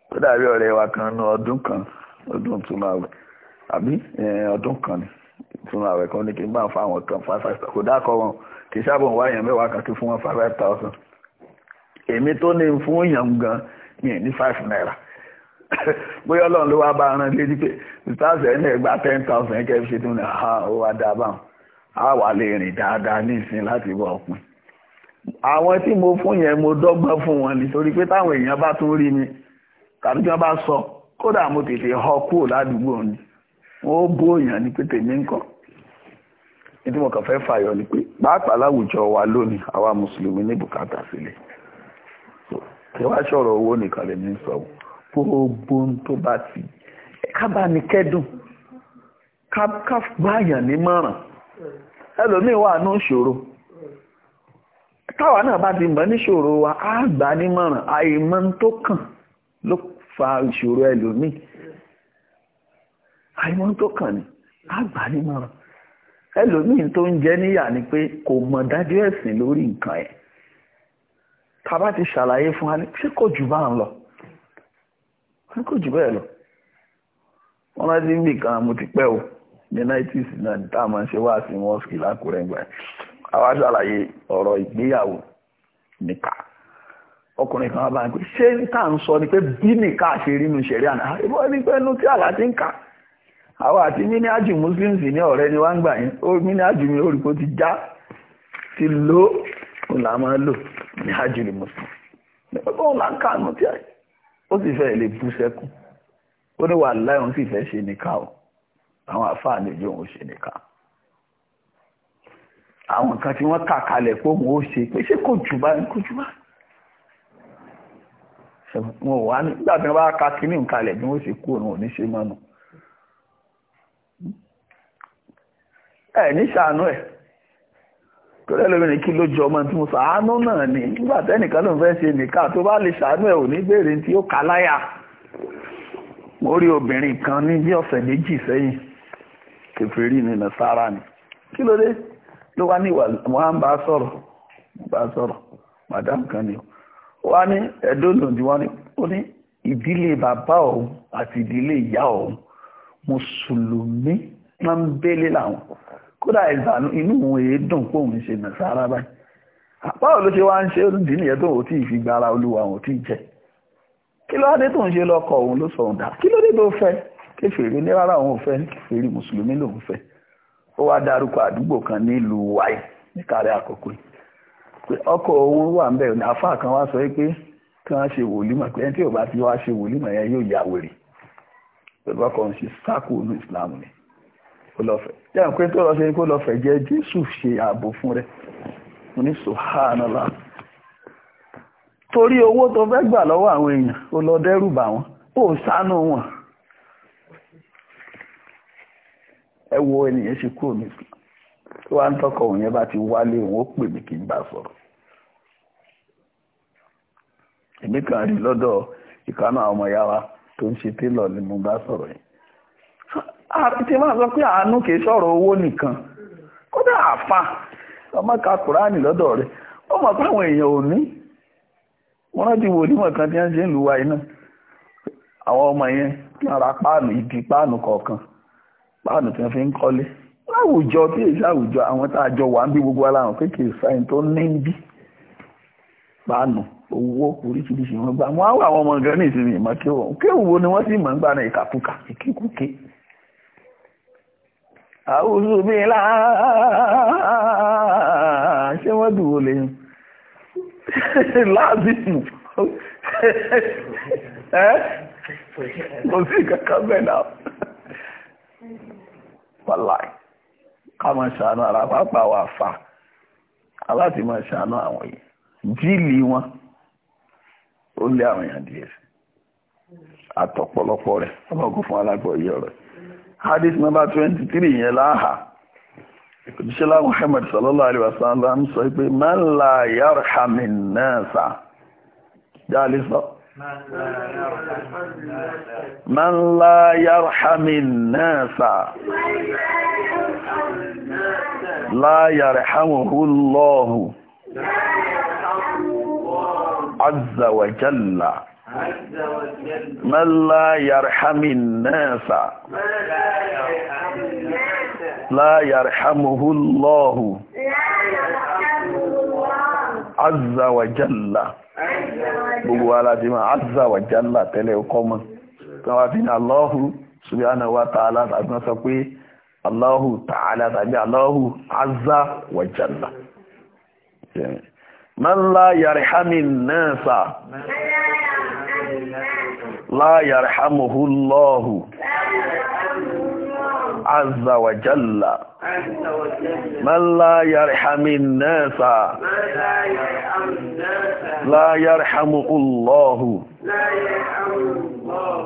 tó dàbí ọ̀rẹ́ wa kan ní ọdún kan ọdún túnú àwẹ̀ àbí ọdún kan ni túnú àwẹ̀ kan ní kí n bá ń fa àwọn kan five five kò dákọ̀ wọn kì í sábà wá èèyàn mẹ́wàá kan kí fún wọn five five thousand èmi tó ní fún èèyàn gan ní ní five naira bóyá ọlọ́run ló wá bá rán létí pé stars ẹ̀ gba ten thousand kẹ́ fi tún ní àhá ó wá dá báwọn á wà lè rìn dáadáa ní ìsìn láti wọ ọ̀pin àwọn tí mo fún yẹn mo dọ́gbọ́n fún wọn nítorí pé táwọn èèyàn bá tún rí mi tàbí tí wọ́n bá sọ. kódà mo tètè họ kúrò ládùúgbò ni wọ́n ó bóyàn ní pé tèmi ní kàn fẹ́ fàyọ ni pé pàápàá láwùjọ wa lónìí àwa mùsùlùmí ní bùkátà sílẹ̀ kí wá owó nìkan lè ní sọ tó bá ti ká bá ní kẹ́dùn ká ní ẹlòmíín wà ní ìṣòro táwa náà bá ti mọ̀ wa á gbà tó kàn ló fa ìṣòro ẹlòmíì àìmọ́ tó kàn ní tó ń níyà kò mọ̀ dájú ẹ̀sìn lórí nǹkan ẹ̀ bá fún wa ṣé kò bá ń lọ mo ti pẹ́ o ní náà sí mọ́ọ̀sì lákùrẹ́ gbà àwa ṣàlàyé ọ̀rọ̀ ìgbéyàwó ọkùnrin kan bá ń pè ṣé ń tà ń sọ ni pé bí nìka ṣe rí nu ṣẹ̀rí àná ah, ìbọn ní pé inú tí àlá ti ń kà àwọn àti miniájì muslims ní ọ̀rẹ́ ni wá ń gbà yín ó miniájì mi ó rí pé ti já ti lò ó là máa lò miniájì ni muslim ó là ń kà nù tí àyè ó sì fẹ́ lè bú sẹ́kùn ó ní wà láì òun sì fẹ́ ṣe nìka o àwọn àfáà ní ìjọ òun ṣe nìka àwọn kan tí wọ́n kà kalẹ̀ pé òun ó ṣe pé ṣé kò jù bá kò jù bá wọn ò wá ní nígbà tí wọ́n bá ka kínní nǹkalẹ̀ bí wọ́n ṣe kú òun ò ní ṣe mọ́nu ẹ ní ṣàánú ẹ̀ torí ẹlòmíràn kí ló jọ ọmọ tí mo ṣàánú náà ni nígbà tẹ́nìkan ló ń fẹ́ ṣe nìkan tó bá lè ṣàánú ẹ̀ ò ní béèrè tí ó kà láyà mo rí obìnrin kan ní bí ọ̀sẹ̀ méjì sẹ́yìn kẹfìrí ni nàṣàrà ni kí ló dé ló wá ní ìwà mo bá sọ̀rọ̀ bá sọ̀rọ̀ madam kan ni o wá ní ẹ̀dọ́ lòdì wá ní ó ní ìdílé bàbá òun àti ìdílé ìyá òun mùsùlùmí máa ń bẹ́lẹ̀ làwọn kódà ìbànú inú òun èé dùn pé òun ṣe nàṣàrà báyìí báwo ló ṣe wá ń ṣe olùdí nìyẹn tó ò tí ì fi gba ara olúwa ò tí ì jẹ kí ló dé tó ń ṣe lọkọ òun ló sọ òun dà kí ló dé tó fẹ́ kéfèrè ní rárá òun ò fẹ́ kéfèrè mùsùlùmí lòun fẹ́ ó wá dárúkọ àdúgbò kan nílùú wáyé níkàrẹ àkókò yìí pé ọkọ̀ owó wà ń bẹ̀ àfáà kan wá sọ pé kí wọ́n ṣe wòlímọ̀ pé ẹni tí ò bá ti wá ṣe wòlímọ̀ yẹn yóò yà wèrè pẹ̀lú ọkọ̀ ń ṣe sáàkù olú ìsìlámù ni ó lọ fẹ̀ jẹ́ pé tó lọ ṣe kó lọ fẹ̀ jẹ́ Jésù ṣe ààbò fún rẹ̀ mo ní sòhánàlá torí owó tó fẹ́ gbà lọ́wọ́ àwọn èèyàn ó lọ dẹ́rù bà wọ́n ó sánú wọn ẹ wo ènìyàn ṣe kúrò ní ìsìlámù tí wá ń tọkọ òun yẹn bá ti wálé òun ó pè mí kí n bá sọ̀rọ̀ èmi kan rí lọ́dọ̀ àwọn ọmọ ìyá wa tó ń ṣe télọ̀ ni mo bá sọ̀rọ̀ yìí àti máa sọ pé àánú kìí sọ̀rọ̀ owó nìkan kódà àfa ọmọ ka kùránì lọ́dọ̀ rẹ̀ ó mọ̀ pé àwọn èèyàn ò ní wọ́n rántí wo onímọ̀ kan tí wọ́n ṣe ń lu àwọn ọmọ yẹn kí wọ́n ra páànù ìdí páànù láwùjọ tí èyí láwùjọ àwọn tá a jọ wà ń bí gbogbo aláwọn pé kì í sáyẹn tó ní ń bí pàánù owó oríṣiríṣi wọn gbà wọn á wà àwọn ọmọ nǹkan ní ìsinmi ìmọ̀ kí wọn kéwù wo ni wọ́n sì mọ̀ ń gbà náà ìkàkùkà ìkékùké. àwùjọ mi là ṣé wọ́n dùn wọlé láàbìmù kò sí kankan bẹ́ẹ̀ náà. wàláì ká máa ṣàánú ara pápá wa fà aláti máa ṣàánú àwọn yìí jíìlì wọn ó lé àwọn èèyàn díẹ̀ sí àtọ̀pọ̀lọpọ̀ rẹ̀ ọlọ́kùn fún alágbọ̀ yìí ọ̀rọ̀ hadith number twenty three yẹn láhà ìṣẹ́lá Muhammad sallallahu alaihi wasallam sọ pé man la yarhamin nasa jáde sọ. من لا يرحم الناس لا يرحمه الله عز وجل من لا يرحم الناس لا يرحمه الله عز وجل gbogbo aládìmọ̀ azza wa jalla tẹ́lẹ̀ ọkọ̀ mọ́ tí wọ́n fi ní Allahu subhanahu wa ta'ala tàbí wọ́n sọ pé Allahu ta'ala tàbí Allahu azza wa jalla man la yarhamu nasa la yarhamuhu Allahu عز وجل من لا يرحم الناس لا يرحم الله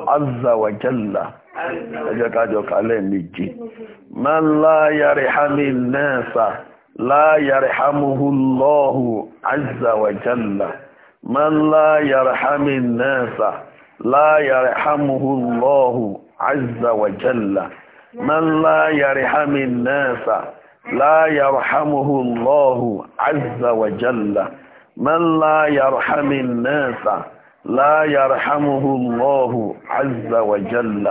عز وجل من لا يرحم الناس لا يرحمه الله عز وجل من لا يرحم الناس لا يرحمه الله عز وجل من لا يرحم الناس لا يرحمه الله عز وجل من لا يرحم الناس لا يرحمه الله عز وجل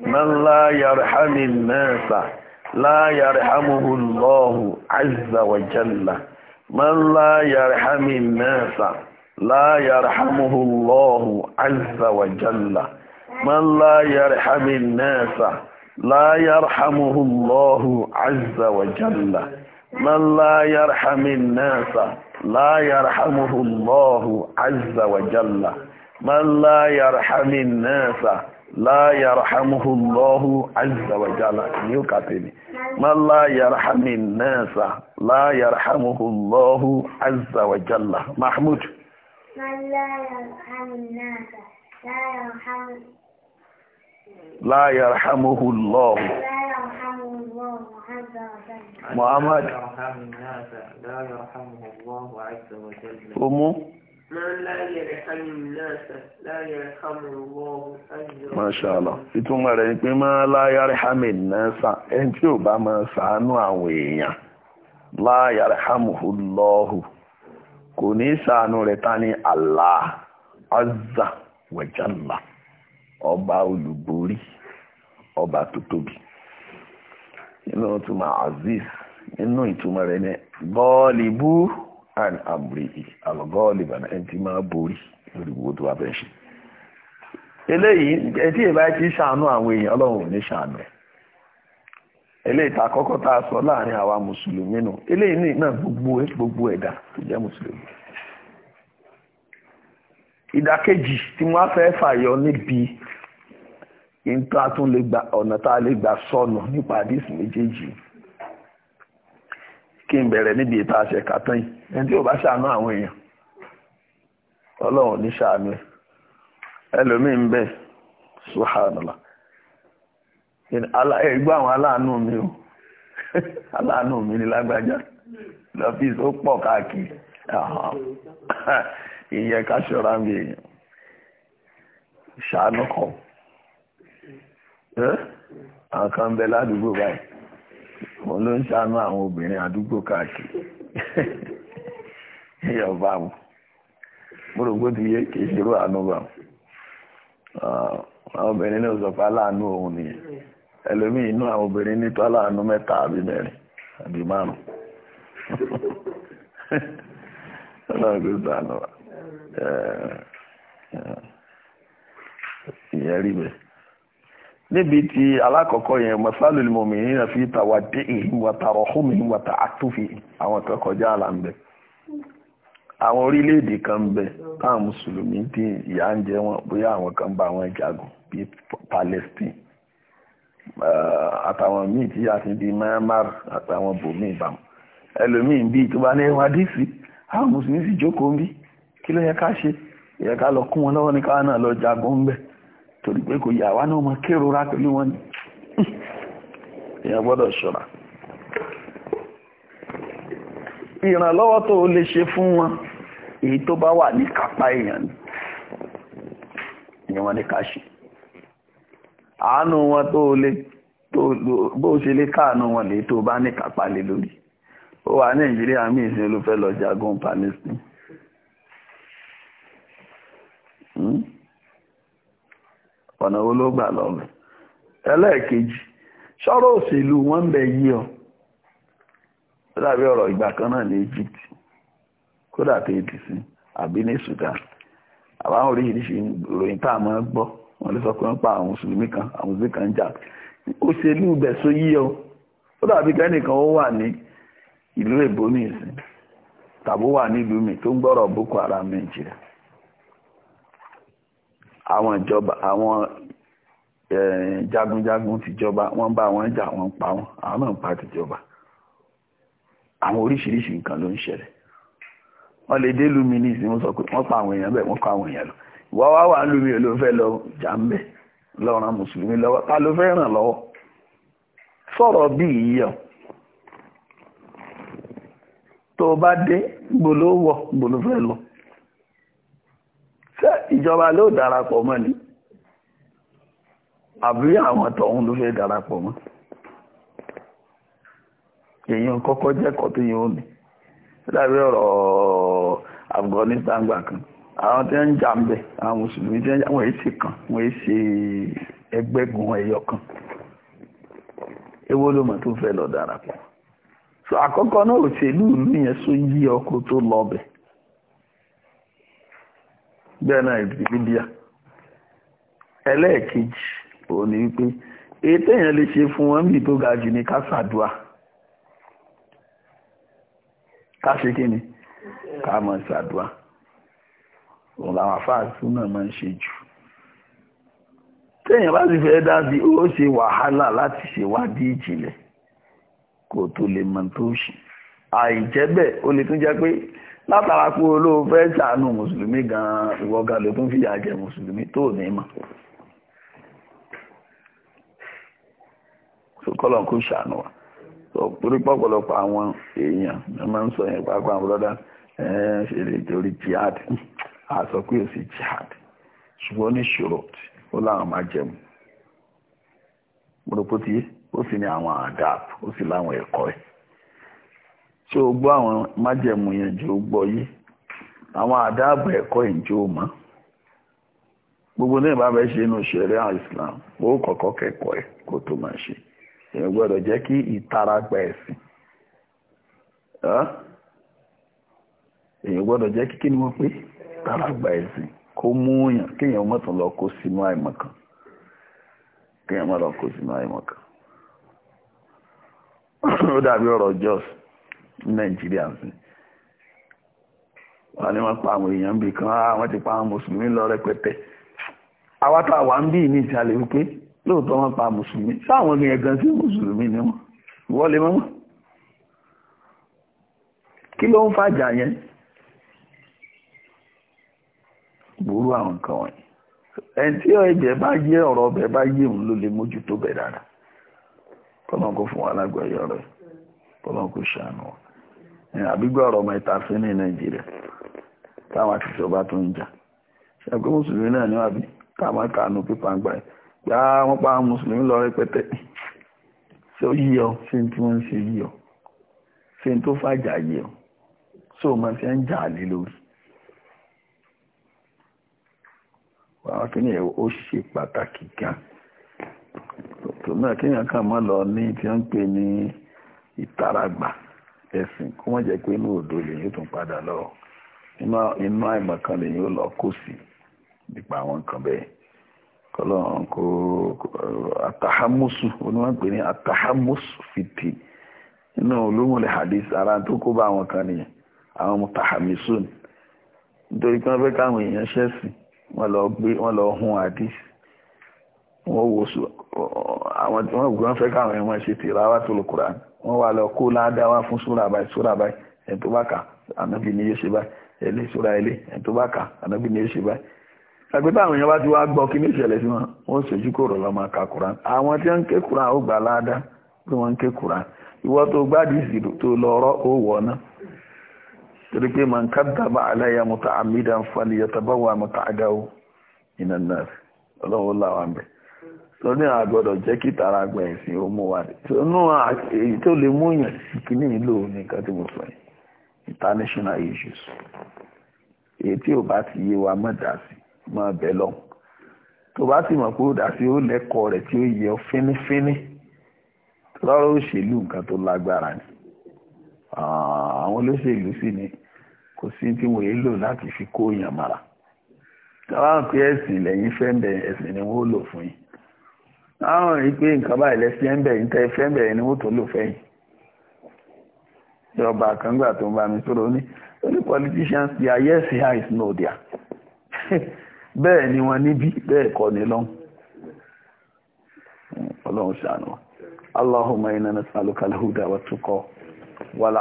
من لا يرحم الناس لا يرحمه الله عز وجل من لا يرحم الناس لا يرحمه الله عز وجل من لا يرحم الناس لا يرحمه الله عز وجل من لا يرحم الناس لا يرحمه الله عز وجل من لا يرحم الناس لا يرحمه الله عز وجل من لا يرحم الناس لا يرحمه الله عز وجل محمود من لا يرحم الناس لا يرحمه la yarhamuhu Allah Muhammad Omu Masha Allah ìtumọ̀ rẹ̀ pé máa la yarhamin nasa ẹni tí ò bá máa ṣàánú àwọn èèyàn la yarhamuhu Allah kò ní ṣàánú rẹ̀ ta ni Allah azza wa jalla ọba olubori ọba tó tóbi ìtumọ̀ aziz nínú ìtumọ̀ rẹ̀ ní and amri alọ́gọ́ọ̀lìbà náà ẹni tí máa borí lórí tó wà fẹ́ ṣe eléyìí ẹtí ìbá ti ṣàánú àwọn èèyàn ọlọ́run ò ní ṣàánú eléyìí ta kọ́kọ́ tá sọ láàrin àwa mùsùlùmí nù gbogbo gbogbo tó jẹ́ ìdàkejì tí wọ́n fẹ́ fàyọ níbi ìta tún lè gba ọ̀nà tá a lè gbà sọnù nípa àdísì méjèèjì kí n bẹ̀rẹ̀ níbi ìta àṣẹ kàtán yìí ẹni tí ò bá ṣàánú àwọn èèyàn ọlọ́run ní ṣàánú ẹlòmíì ń bẹ subhanallah ẹgbẹ́ àwọn aláàánú mi o aláàánú mi ni lágbájá lọ́fíìsì ó pọ̀ káàkiri ìyẹn ká ṣọ́ra mi èèyàn ṣàánú kan A kan bẹ ládùúgbò ló ń ṣàánú àwọn a àdúgbò káàkiri èèyàn bá wọn mo rò pé ti yé kì í ṣerú àánú bá wọn anụ ọhụrụ náà sọ pé a òun nìyẹn ìyẹn rí bẹ́ẹ̀ níbi tí alákọ̀ọ́kọ́ yẹn masalul mu'minina fi tawaddihim wa tarahumihim wa ta'attufihim àwọn kan kọjá àlà ń bẹ àwọn orílẹ̀-èdè kan ń bẹ táwọn mùsùlùmí tí ìyà ń jẹ wọn bóyá àwọn kan bá wọn jagun bíi Palestine àtàwọn míì tí a di Myanmar àtàwọn bòmíì bá ẹlòmíì bíi tó bá ní ha díìsì àwọn mùsùlùmí sì kí ló yẹ ká ṣe yẹ ká lọ kún wọn lọ́wọ́ ní káwọn náà lọ jagun ń bẹ̀ torí pé kò yà wá náà mọ rá pẹ̀lú wọn ni èèyàn gbọ́dọ̀ ìrànlọ́wọ́ tó o lè ṣe fún wọn èyí tó bá wà ní kápá èèyàn ni ní ká ṣe àánú wọn tó lè bó ṣe lè káànú wọn lè tó bá ní kápá lórí ó wà Nàìjíríà míì fẹ lọ jagun Palestine Hmm? ọ̀nà wo ló gbà lọ́bẹ̀ ẹlẹ́ẹ̀kejì ṣọ́rọ̀ òṣèlú wọ́n ń bẹ yí ọ dàbí ọ̀rọ̀ ìgbà kan náà ní Egypt kódà tó ti sí àbí ní Sudan àbáwọn oríṣiríṣi ìròyìn tá a máa gbọ́ wọ́n lè sọ pé wọ́n pa àwọn mùsùlùmí kan àwọn mùsùlùmí kan jà òṣèlú ibẹ̀ só yí ọ ó dàbí kẹ́nìkan ó wà ní ìlú èbó ní ìsìn tàbó wà nílùú mi tó ń gbọ́rọ̀ Boko Haram Nàìjíríà àwọn ìjọba àwọn jagunjagun tìjọba wọ́n bá wọn jà wọ́n pa wọn àwọn náà pa tìjọba àwọn oríṣiríṣi nǹkan ló ń ṣẹlẹ̀ wọ́n lè dé lumini sí wọ́n sọ pé wọ́n pa àwọn èèyàn bẹ́ẹ̀ wọ́n kọ àwọn èèyàn lọ ìwọ wá wà lómi ló fẹ́ lọ jà ń bẹ̀ lọ́ràn mùsùlùmí lọ́wọ́ ta ló fẹ́ ràn lọ́wọ́ sọ̀rọ̀ bí ìyẹn tó bá dé gbòlówọ̀ gbòlófẹ́ lọ ṣé ìjọba ló darapọ̀ mọ́ ni àbí àwọn tọ̀hún ló fẹ́ darapọ̀ mọ́ èèyàn kọ́kọ́ jẹ́kọ̀ọ́ tó yẹ ó ní lábí ọ̀rọ̀ Afghanistan gbà kan àwọn tí ń jà ń bẹ̀ àwọn mùsùlùmí tí ń jà wọ́n èé sì kan wọ́n èé sì ẹgbẹ́gun ẹ̀yọ kan èwo ló mọ̀ tó fẹ́ lọ darapọ̀ so àkọ́kọ́ náà òṣèlú ìlú yẹn só yí ọkọ̀ tó lọ bẹ̀ bẹ́ẹ̀ náà Libya ẹlẹ́ẹ̀kejì òun ni wípé èyí téèyàn lè ṣe fún wọn bí tó ga jù ní ká ṣàdúà kí ni ká mọ̀ ṣàdúà òun làwọn afáàsù náà máa ń ṣe jù téèyàn bá sì fẹ́ dábì ó ṣe wàhálà láti ṣèwádìí ìjìnlẹ̀ kó tó lè mọ̀ tó ṣe àìjẹ́ bẹ́ẹ̀ ó lè tún jẹ́ pé látara kú olóò fẹ́ ṣàánú mùsùlùmí gan-an ìwọ̀gàn ló tún fìyà jẹ mùsùlùmí tó ní mọ̀ kọ́lọ̀ kó ṣàánú wa torí pọ̀pọ̀lọpọ̀ àwọn èèyàn ẹ máa ń sọ yẹn pàápàá àwọn brọ́dá ṣeré torí jihad àsọ pé òsì jihad ṣùgbọ́n ní ṣòro ó láwọn máa jẹun gbọ́dọ̀ ó sì ní àwọn àdáàbò ó sì láwọn ẹ̀kọ́ ẹ̀ ṣé o gbọ́ àwọn májẹ̀mú yẹn jẹ́ o gbọ́ yé àwọn àdáàbò o gbogbo náà ìbáfẹ́ ṣe inú Islam o kọ́kọ́ kẹ́kọ̀ọ́ e kó tó máa ṣe èèyàn gbọ́dọ̀ jẹ́ kí ìtara gba ẹ̀sìn èèyàn gbọ́dọ̀ jẹ́ kí kí ni wọ́n pé ìtara gba ẹ̀sìn kó mú yàn kéèyàn mọ̀tàn lọ kó sínú àìmọ̀kan kéèyàn mọ̀ lọ kó sínú ó dàbí ọ̀rọ̀ nàìjíríà sí wọ́n ní wọ́n pa àwọn èèyàn bíi kan ah, wọ́n ti pa àwọn mùsùlùmí lọ rẹpẹtẹ àwa tá a wà ń bí ìní ìtàlẹ̀ wípé lóòótọ́ wọ́n pa mùsùlùmí sáwọn èèyàn gan sí mùsùlùmí ni wọ́n wọ́n lè mọ́ kí ló ń fàjà yẹn burú àwọn nǹkan wọ̀nyí ẹni tí ẹ̀jẹ̀ bá yé ọ̀rọ̀ ọbẹ̀ bá yé òun ló lè mójútó bẹ̀ dára kọ́nà kó fún wa lágbàáyé ọ̀rọ̀ kọ́nà kó ṣàánú wọn àbígbọ́ ọ̀rọ̀ ọmọ ìtàfin ní nàìjíríà táwọn àṣìṣọba tó ń jà ṣàgbé mùsùlùmí náà níwájú táwọn kànú pípa ń gbà ẹ̀ yá wọ́n pa mùsùlùmí lọ rẹpẹtẹ ṣé ó yíyọ ṣé tí wọ́n ń ṣe yíyọ ṣé tó fàjà yíyọ ṣó máa ṣe ń jà lé lórí. àwọn akínyẹ̀ ó ṣe pàtàkì gan tòun náà kínyàn kàn mọ́ lọ ní tí ń pè ní ìtaragbà ẹ̀sìn kó wọ́n jẹ́ pé inú òdo lèyìn ó tún padà lọ inú àìmọ̀kan lèyìn ó lọ kó sí nípa àwọn nǹkan bẹ́ẹ̀ kọlọ́run kó atahamusu oníwọ̀n pè ní atahamusu fìtì inú olómọlẹ̀ hadith ara tó kó bá àwọn kan nìyẹn àwọn mutahamisu nítorí pé wọ́n fẹ́ káwọn èèyàn ṣẹ̀sìn wọ́n lọ hun hadith wọ́n wo àwọn tí wọ́n fẹ́ káwọn èèyàn ṣe tìláwà tó lọ Kùránì wọ́n wà lọ kó ládàá fún súrà báyìí súrà báyìí ẹ̀ tó bá kà ànábì ni yóò ṣe báyìí ẹ̀lẹ́ súrà ẹ̀lẹ́ ẹ̀ tó bá kà ànábì ni yóò ṣe báyìí àgbẹ̀ táwọn èèyàn bá ti wá gbọ́ kí ní ìṣẹ̀lẹ̀ sí wọn wọ́n ṣojú kòrò lọ́mọ ka Quran àwọn tí wọ́n ń ké Quran ó gbà ládàá tí wọ́n ń ké Quran ìwọ́ tó gbádìí ìsìlò tó lọ ọ̀rọ̀ ó wọ̀ náà torí pé man tó ní àgbọ̀dọ̀ jẹ́ kí tara gbẹ̀ ẹ̀sìn ó mú wa nínú èyí tó lè mú yàn kìíní ìlò nìkan tí mo sọ yìí international issues èyí tí ò bá ti yé wa mọ̀ dá sí mọ̀ bẹ́ lọ́hùn tó bá sì mọ̀ pé ó dá sí ó lẹ́kọ̀ọ́ rẹ̀ tí ó yẹ ọ́ fínífíní lọ́rọ̀ òṣèlú nǹkan tó lágbára ni àwọn olóṣèlú sì ni kò sí tí wọ́n yé lò láti fi kó yàn mara tàbá pé ẹ̀sìn lẹ́yìn fẹ́ ẹ̀sìn ni wọ́n lò fún yín àwọn rí nǹkan báyìí lẹ́sìn ẹ̀ńbẹ̀ yìí tẹ́ fẹ́ bẹ̀rẹ̀ tó lò fẹ́yìn ṣé ọba kan tó ń bá mi ní only politicians their yes here is no there bẹ́ẹ̀ ni wọ́n níbí bẹ́ẹ̀ kọ́ ni lọ́hùn ọlọ́run ṣàánú huda wala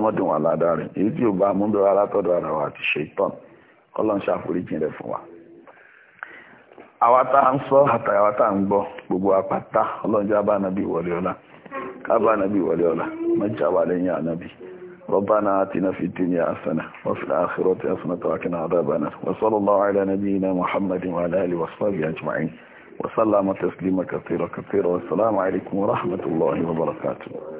mu ọlọ́run ọlọ́run kọ́lọ́n ṣàforíjì rẹ̀ fún wa àwa tá à ń sọ àtàwà tá à ń gbọ́ gbogbo apáta ọlọ́njọ́ abánabi wọlé ọlá abánabi wọlé ọlá mẹ́jà wà lẹ́yìn ànábì ربنا آتنا في الدنيا حسنة وفي الآخرة حسنة وقنا عذاب النار وصلى الله على نبينا محمد وعلى آله وصحبه أجمعين وسلم تسليما كثيرا كثيرا والسلام عليكم ورحمة الله وبركاته